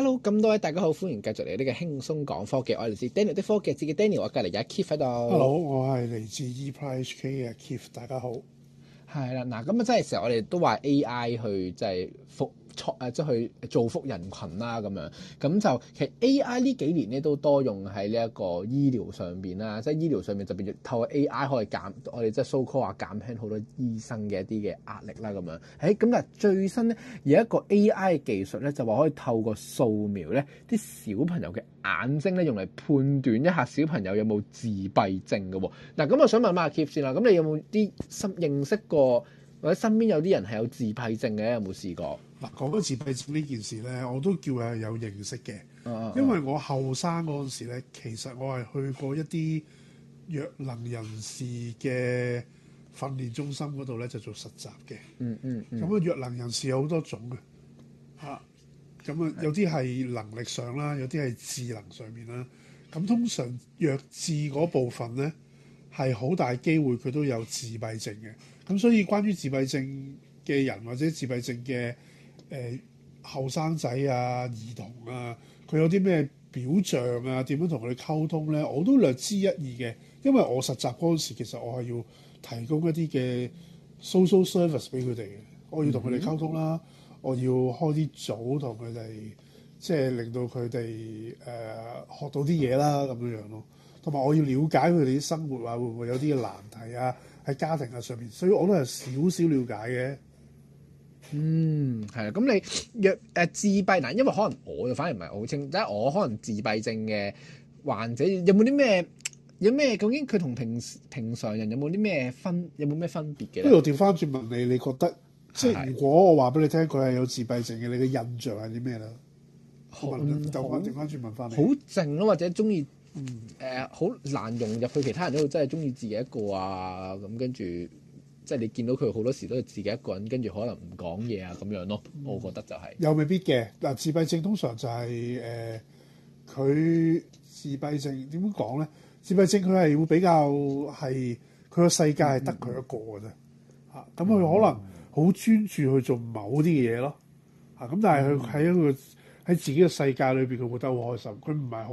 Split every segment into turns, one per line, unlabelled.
hello，咁多位大家好，歡迎繼續嚟呢個輕鬆講科技，我係來自 Daniel 的科技節嘅 Daniel，我隔離有 Kif 喺度。Hello，我係嚟自 ePrice HK 嘅 Kif，大家好。係啦，嗱，咁啊，真係時候我哋都話 AI 去即係覆。錯啊！即去造福人群啦咁樣，咁就其實 AI 呢幾年咧都多用喺呢一個醫療上邊啦，即係醫療上面就變咗透過 AI 可以減，我哋即係 so call 啊，減輕好多醫生嘅一啲嘅壓力啦咁樣。誒咁啊，最新咧有一個 AI 技術咧就話、是、可以透過掃描咧啲小朋友嘅眼睛咧用嚟判斷一下小朋友有冇自閉症嘅喎、哦。嗱咁我想問下阿 Keep 先啦，咁你有冇啲識認識過？或者身邊有啲人係有自閉症嘅，有冇試過？嗱講到自閉症呢件事咧，我都叫係有認識嘅，啊啊啊，因為
我後生嗰陣時咧，其實我係去過一啲弱能人士嘅訓練中心嗰度咧，就做實習嘅。嗯，嗯嗯。咁啊，弱能人士有好多種嘅，嚇咁啊，有啲係能力上啦，有啲係智能上面啦。咁通常弱智嗰部分咧，係好大機會，佢都有自閉症嘅。咁所以關於自閉症嘅人或者自閉症嘅誒後生仔啊、兒童啊，佢有啲咩表象啊？點樣同佢哋溝通咧？我都略知一二嘅，因為我實習嗰時其實我係要提供一啲嘅 social service 俾佢哋嘅。我要同佢哋溝通啦，嗯、我要開啲組同佢哋，即係令到佢哋誒學到啲嘢啦，咁樣樣咯。同埋我要了解佢哋啲生活啊，會唔會有啲難題啊？喺家庭啊上面，所以我都係少少了解嘅。嗯，
係啊。咁你若誒、呃、自閉嗱，因為可能我就反而唔係好清，即係我可能自閉症嘅患者有有，有冇啲咩？有咩？究竟佢同平平常人有冇啲咩分？有冇咩分別嘅？不如我調
翻轉問你，你覺得即係如果我話俾你聽，佢係有自閉症嘅，的你嘅印象係啲咩咧？
就反轉翻轉問翻你，好靜咯，或者鍾意。嗯，誒好、呃、難融入去其他人都真係中意自己一個啊，咁跟住即係你見到佢好多時都係自己一個人，跟住可能唔講嘢啊咁樣咯，嗯、我覺得就係、是、
又未必嘅嗱、呃，自閉症通常就係誒佢自閉症點講咧？自閉症佢係會比較係佢個世界係得佢一個嘅啫，嚇咁佢可能好專注去做某啲嘢咯，嚇咁但係佢喺一個。喺自己嘅世界裏邊，佢活得好開心。佢唔係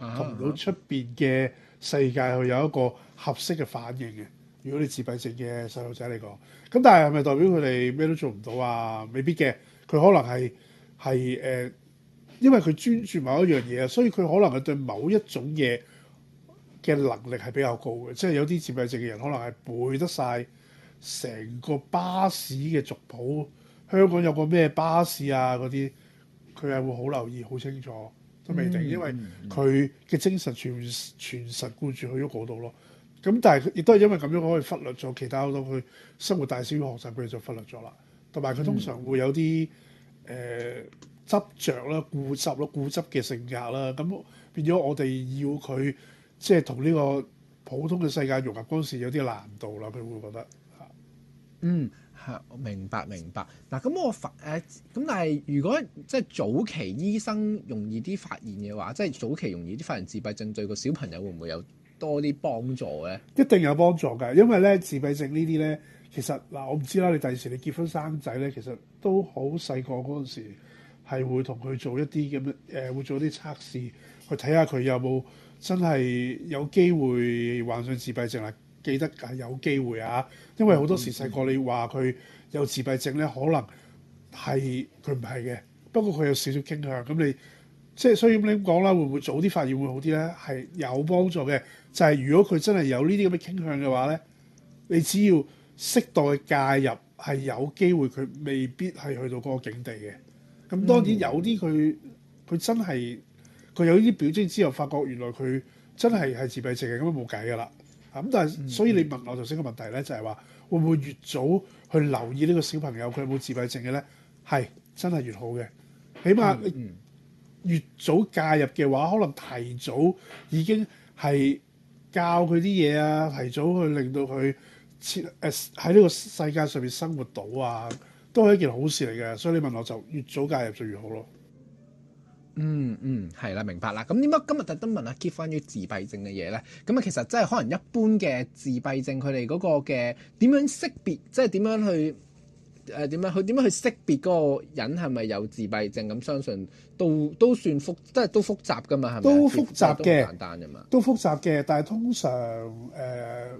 好同到出邊嘅世界去有一個合適嘅反應嘅。如果你自閉症嘅細路仔嚟講，咁但係係咪代表佢哋咩都做唔到啊？未必嘅。佢可能係係誒，因為佢專注某一樣嘢啊，所以佢可能係對某一種嘢嘅能力係比較高嘅。即係有啲自閉症嘅人，可能係背得晒成個巴士嘅族譜。香港有個咩巴士啊嗰啲。佢係會好留意、好清楚，都未定，因為佢嘅精神全全神貫注去咗嗰度咯。咁但係亦都係因為咁樣，可以忽略咗其他好多佢生活大小嘅學習，佢哋就忽略咗啦。同埋佢通常會有啲誒執着啦、固執啦、固執嘅性格啦，咁變咗我哋要佢即係同呢個普通嘅
世界融合嗰陣時，有啲難度啦。佢會覺得，嗯。係，我明白明白。嗱，咁、啊、我發誒咁、啊，但係如果即係早期醫生容易啲發現嘅話，即係早期容易啲發現自閉症對個小朋友會唔會有多啲幫助咧？一定有幫助㗎，因為咧自閉症呢啲咧，其實嗱、啊，我唔知啦。你第二時你結婚生
仔咧，其實都好細個嗰陣時，係會同佢做一啲咁樣誒、呃，會做啲測試去睇下佢有冇真係有機會患上自閉症啦。記得係有機會啊，因為好多時細個你話佢有自閉症咧，可能係佢唔係嘅。不過佢有少少傾向咁，你即係所以你咁講啦，會唔會早啲發現會好啲咧？係有幫助嘅。就係如果佢真係有呢啲咁嘅傾向嘅話咧，你只要適當介入係有機會，佢未必係去到嗰個境地嘅。咁當然有啲佢佢真係佢有呢啲表徵之後，發覺原來佢真係係自閉症，係咁冇計噶啦。咁但係，嗯、所以你問我頭先個問題咧，就係話會唔會越早去留意呢個小朋友佢有冇自閉症嘅咧？係真係越好嘅，起碼越早介入嘅話，可能提早已經係教佢啲嘢啊，提早去令到佢設誒喺呢個世界上面生活到啊，
都係一件好事嚟嘅。所以你問我就越早介入就越好咯。嗯嗯，係啦，明白啦。咁點解今日特登問下，Kit 關於自閉症嘅嘢咧？咁啊，其實即係可能一般嘅自閉症，佢哋嗰個嘅點樣識別，即係點樣去誒點、呃、樣去點樣去識別嗰個人係咪有自閉症？咁相信都都算複，即係都複雜噶嘛？係咪都複雜嘅？都簡單噶嘛？
都複雜嘅，但係通常誒、呃、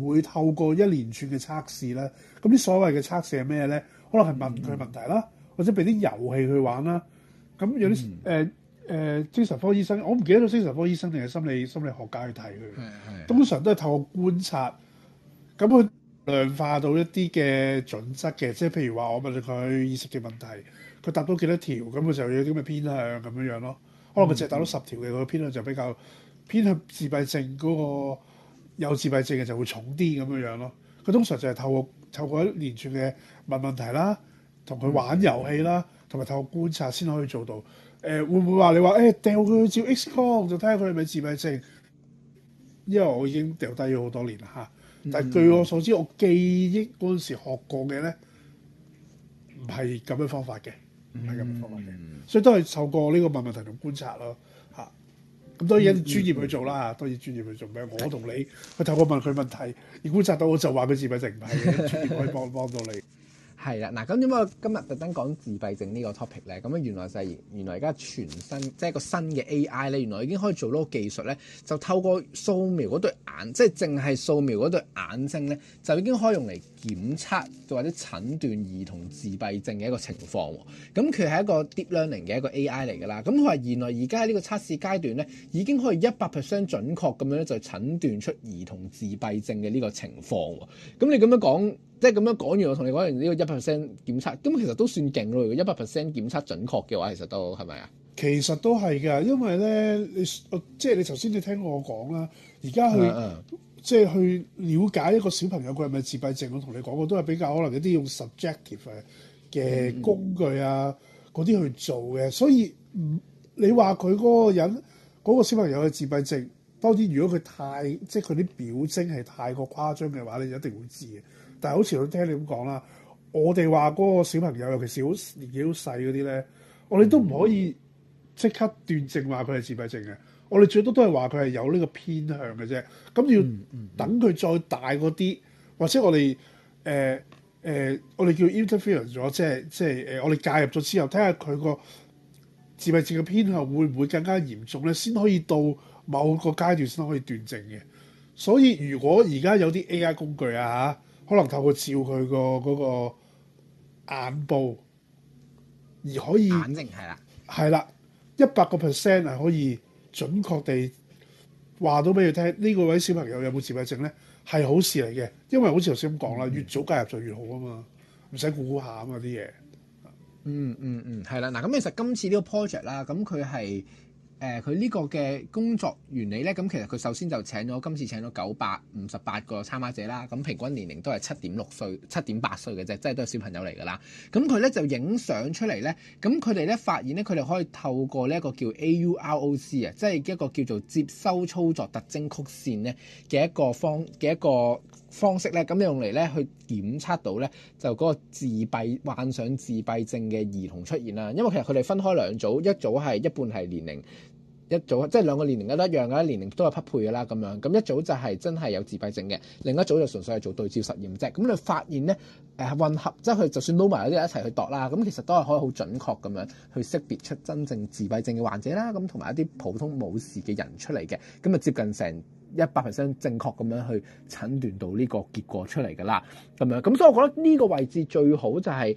會透過一連串嘅測試咧。咁啲所謂嘅測試係咩咧？可能係問佢問題啦，嗯、或者俾啲遊戲去玩啦。咁有啲誒誒精神科醫生，我唔記得到精神科醫生定係心理心理學家去睇佢。通常都係透過觀察，咁佢量化到一啲嘅準則嘅，即係譬如話我問佢意識嘅問題，佢答到幾多條，咁佢就有啲咩偏向咁樣樣咯。可能咪佢淨係答到十條嘅，佢、嗯、偏向就比較偏向自閉症嗰個有自閉症嘅就會重啲咁樣樣咯。佢通常就係透過透過一連串嘅問問題啦。同佢玩遊戲啦，同埋透過觀察先可以做到。誒、呃，會唔會話你話誒掉佢去照 X 光就睇下佢係咪自閉症？因為我已經掉低咗好多年啦嚇。但係據我所知，我記憶嗰陣時學過嘅咧，唔係咁樣方法嘅，唔係咁樣方法嘅。嗯、所以都係透過呢個問問題同觀察咯嚇。咁當然專業去做啦，當然、嗯嗯、專業去做咩？我同你
去透過問佢問題，而觀察到我就話佢自閉症唔係嘅，專業可以幫幫到你。係啦，嗱咁點解今日特登講自閉症呢個 topic 咧？咁啊原來就係、是、原來而家全新即係個新嘅 AI 咧，原來已經可以做到個技術咧，就透過掃描嗰對眼，即係淨係掃描嗰對眼睛咧，就已經可以用嚟檢測或者診斷兒童自閉症嘅一個情況。咁佢係一個 deep learning 嘅一個 AI 嚟㗎啦。咁佢話原來而家呢個測試階段咧，已經可以一百 percent 準確咁樣咧，就診斷出兒童自閉症嘅呢個情況。咁、嗯、你咁樣講？即係咁樣講完，我同你講完呢、呢個一 percent 檢測，咁其實都算勁咯。如果一百 percent 檢測準確嘅話，其實都係咪啊？
其實都係㗎，因為咧，你即係你頭先你聽我講啦。而家去嗯嗯即係去了解一個小朋友佢係咪自閉症，我同你講過都係比較可能一啲用 subjective 嘅工具啊嗰啲、嗯嗯、去做嘅。所以唔你話佢嗰個人嗰、嗰個小朋友嘅自閉症，當然如果佢太即係佢啲表徵係太過誇張嘅話，你一定會知嘅。但係好似我聽你咁講啦，我哋話嗰個小朋友，尤其是好年紀好細嗰啲咧，我哋都唔可以即刻斷症話佢係自閉症嘅。我哋最多都係話佢係有呢個偏向嘅啫。咁要等佢再大嗰啲，或者我哋誒誒，我哋叫 interfere 咗，即係即係誒、呃，我哋介入咗之後，睇下佢個自閉症嘅偏向會唔會更加嚴重咧，先可以到某個階段先可以斷症嘅。所以如果而家有啲 AI 工具啊嚇～可能透過照佢個嗰眼部，而可以，反正係啦，係啦，一百個 percent 係可以準確地話到俾佢聽，呢個位小朋友有冇自閉症咧？係好事嚟嘅，因為好似頭先咁講啦，嗯、越早介入就越好啊嘛，唔
使估估下啊嘛啲嘢、嗯。嗯嗯嗯，係啦，嗱咁其實今次呢個 project 啦，咁佢係。誒佢呢個嘅工作原理呢，咁其實佢首先就請咗今次請咗九百五十八個參加者啦，咁平均年齡都係七點六歲、七點八歲嘅啫，即係都係小朋友嚟㗎啦。咁佢呢就影相出嚟呢，咁佢哋呢發現呢，佢哋可以透過呢一個叫 AUROC 啊，即係一個叫做接收操作特徵曲線呢嘅一個方嘅一個。方式咧，咁你用嚟咧去檢測到咧就嗰個自閉患上自閉症嘅兒童出現啦。因為其實佢哋分開兩組，一組係一半係年齡，一組即係、就是、兩個年齡都一樣嘅年齡都係匹配嘅啦咁樣。咁一組就係真係有自閉症嘅，另一組就純粹係做對照實驗啫。咁你發現咧，誒混合即係佢就算撈埋嗰啲人一齊去度啦，咁其實都係可以好準確咁樣去識別出真正自閉症嘅患者啦。咁同埋一啲普通冇事嘅人出嚟嘅，咁啊接近成。一百 percent 正確咁樣去診斷到呢個結果出嚟㗎啦，咁樣咁所以我覺得呢個位置最好就係、是。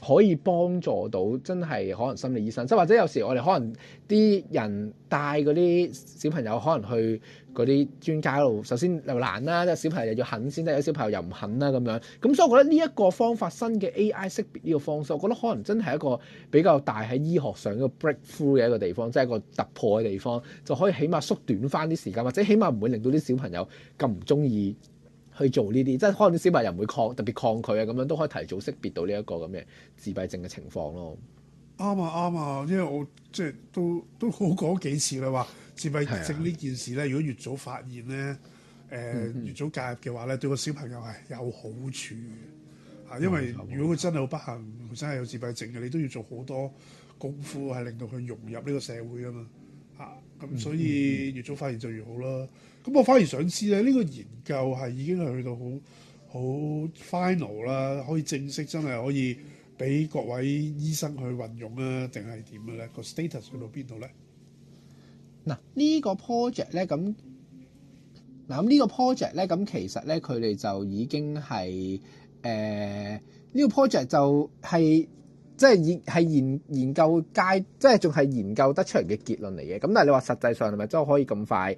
可以幫助到真係可能心理醫生，即係或者有時我哋可能啲人帶嗰啲小朋友可能去嗰啲專家度，首先又難啦、啊，即係小朋友又要肯先得，有小朋友又唔肯啦咁樣。咁、嗯、所以我覺得呢一個方法新嘅 AI 識別呢個方式，我覺得可能真係一個比較大喺醫學上一個 breakthrough 嘅一個地方，即係一個突破嘅地方，就可以起碼縮短翻啲時間，或者起碼唔會令到啲小朋友咁唔中意。去做呢啲，即係可能小朋友唔會抗，特別抗拒啊，咁樣都可以提早識別到呢一個咁嘅自閉症嘅情況咯。
啱啊啱啊，因為我即係都都好講幾次啦，話自閉症呢件事咧，啊、如果越早發現咧，誒、呃嗯嗯、越早介入嘅話咧，對個小朋友係有好處嘅。啊，因為如果佢真係好不幸，真係有自閉症嘅，你都要做好多功夫係令到佢融入呢個社會啊嘛。啊。咁、嗯嗯、所以越早發現就越好啦。咁我反而想知咧，呢、呢個研究係已經係去到好好 final 啦，可以正式真係可以俾各位醫生去運用啊，定係點嘅咧？個 status 去到邊度咧？
嗱，個呢個 project 咧，咁嗱咁呢個 project 咧，咁其實咧，佢哋就已經係誒呢個 project 就係、是。即係研係研研究界，即係仲係研究得出嚟嘅結論嚟嘅。咁但係你話實際上係咪真係可以咁快，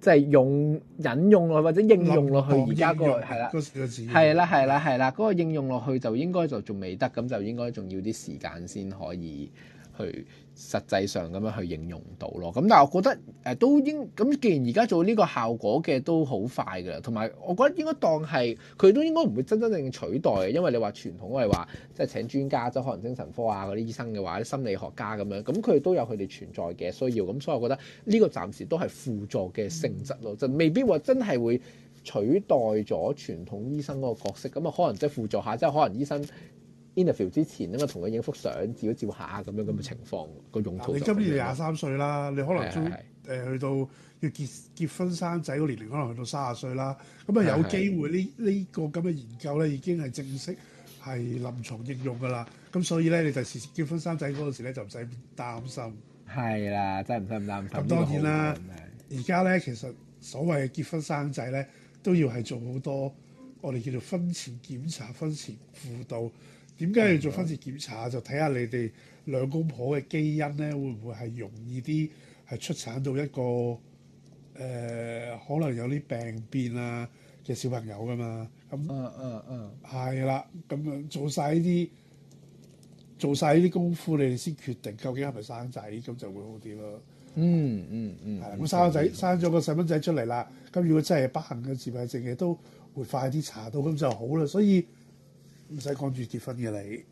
即係用引用落去或者應用落去而家個係啦，係啦係啦係啦，嗰個應用落去就應該就仲未得，咁就應該仲要啲時間先可以。實際去實際上咁樣去應用到咯，咁但係我覺得誒都應咁，既然而家做呢個效果嘅都好快㗎喇，同埋我覺得應該當係佢都應該唔會真真正正取代，因為你話傳統我係話即係請專家，即係可能精神科啊嗰啲醫生嘅話，啲心理學家咁樣，咁佢都有佢哋存在嘅需要，咁所以我覺得呢個暫時都係輔助嘅性質咯，就未必話真係會取代咗傳統醫生嗰個角色，咁啊可能即係輔助下，即係可能醫生。Interview 之前，咁啊，同佢影幅相，照一照下咁樣咁嘅情況個、嗯、用途。你今年廿三
歲啦，你可能都誒去到要結結婚生仔嗰年齡，可能去到卅歲啦。咁啊，有機會呢呢個咁嘅研究咧，已經係正式係臨床應用㗎啦。咁所以咧，你就第時結婚生仔嗰陣時咧，就唔使擔心。
係啦，真係唔使唔擔心。咁當然啦，
而家咧，其實所謂嘅結婚生仔咧，都要係做好多我哋叫做婚前檢查、婚前輔導。點解要做分次檢查？就睇下你哋兩公婆嘅基因咧，會唔會係容易啲，係出產到一個誒、呃，可能有啲病變啊嘅小朋友噶嘛？咁，嗯嗯嗯，係、啊、啦，咁、啊、樣做晒呢啲，做晒呢啲功夫，你哋先決定究竟係咪生仔，咁就會好啲咯、嗯。嗯嗯嗯，係的。咁生個仔，生咗個細蚊仔出嚟啦。咁如果真係不幸嘅自閉症嘅，都會快啲查到，咁就好啦。所以。所以所以所以唔使趕住結
婚嘅你，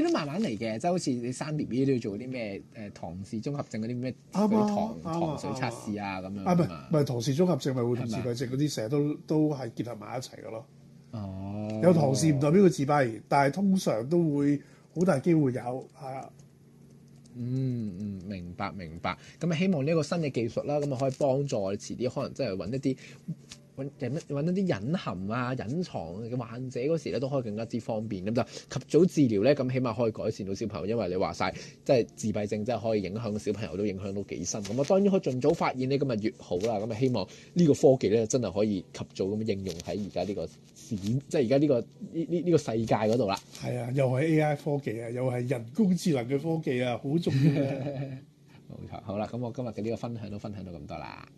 呢啲 慢慢嚟嘅，即係好似你生 BB 都要做啲咩誒，唐氏綜合症嗰啲咩？啱啊，糖吧糖水測試啊咁吧樣啊。唔係
唔係，唐氏綜合症咪會同自閉
症嗰啲成日都都係結合埋一齊嘅咯。哦，有唐氏
唔代表佢自閉，但係通常都會好大機會有，係啊。嗯
嗯，明白明白。咁啊希望呢個新嘅技術啦，咁啊可以幫助遲啲可能真係揾一啲。揾揾一啲隱含啊、隱藏嘅患者嗰時咧，都可以更加之方便咁就及早治療咧，咁起碼可以改善到小朋友，因為你話晒，即係自閉症，即係可以影響小朋友都影響到幾深。咁啊，當然可以盡早發現呢，咁啊越好啦。咁啊，希望呢個科技咧真係可以及早咁應用喺而家呢個事，即係而家呢個呢呢呢個世界嗰度啦。係啊，又係 AI 科技啊，又係人工智能嘅科技啊，好重要啊，冇錯，好啦，咁我今日嘅呢個分享都分享到咁多啦。